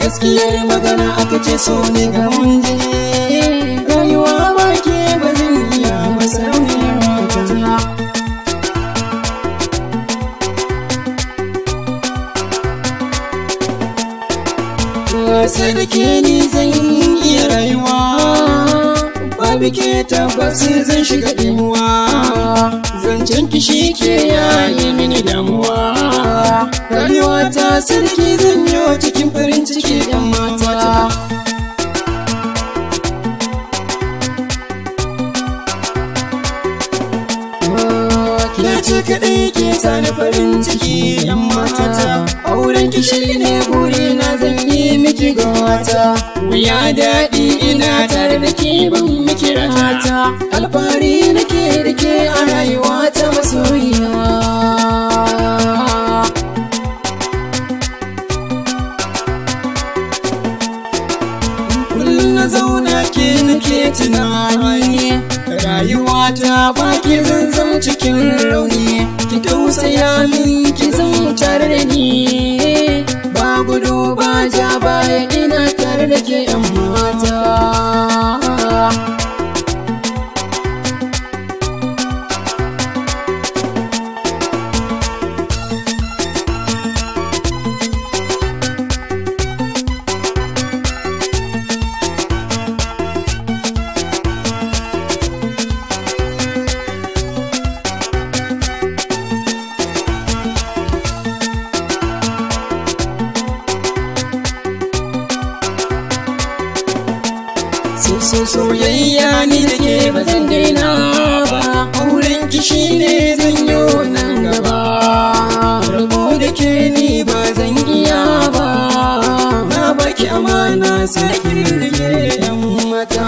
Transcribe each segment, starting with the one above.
gaskiyar magana aka ce so ne ga mun jini sarki ni zan iya rayuwa babu ke tabbas zan shiga imuwa zancen ki shi ke yayi mini damuwa rayuwa ta sarki zan yi wa cikin farin ciki yan mata ke ce kaɗai ke sani farin ciki yan mata auren kishiri ne ne fata wuya daɗi ina tare da ke ban miki rahata alfahari nake da ke a rayuwa ta masoyiya kullum na zauna ke nake tunani rayuwa ta baki zanzan cikin rauni ki tausaya min ki zama tare da ni energy so soyayya ni da ke ba daina ba auren ki ne zan yo nan gaba rabo da ke ni ba zan iya ba na baki amana sai ki rike yan mata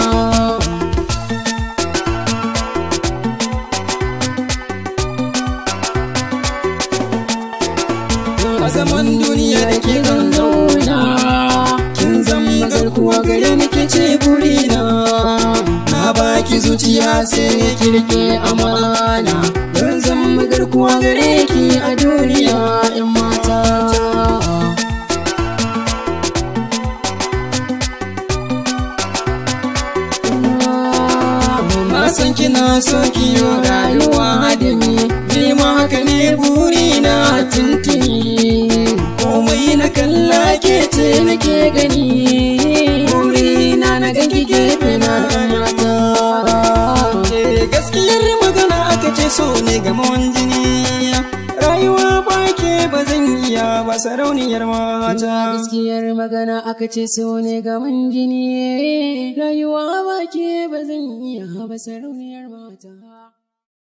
zaman duniya da ke zan zauna kin zama garkuwa gare ni ke ce buri zuciya sai ne kirki amana don zan kuwa gare ki a duniya in mata san kina so kiyo rayuwa da ni ni ma haka ne buri na tuntuni komai na kalla ke ce nake gani so ne ga jini rayuwa ba ke ba zan iya ba sarauniyar mata gaskiyar magana aka ce so ne ga jini rayuwa ba ke ba zan iya ba sarauniyar mata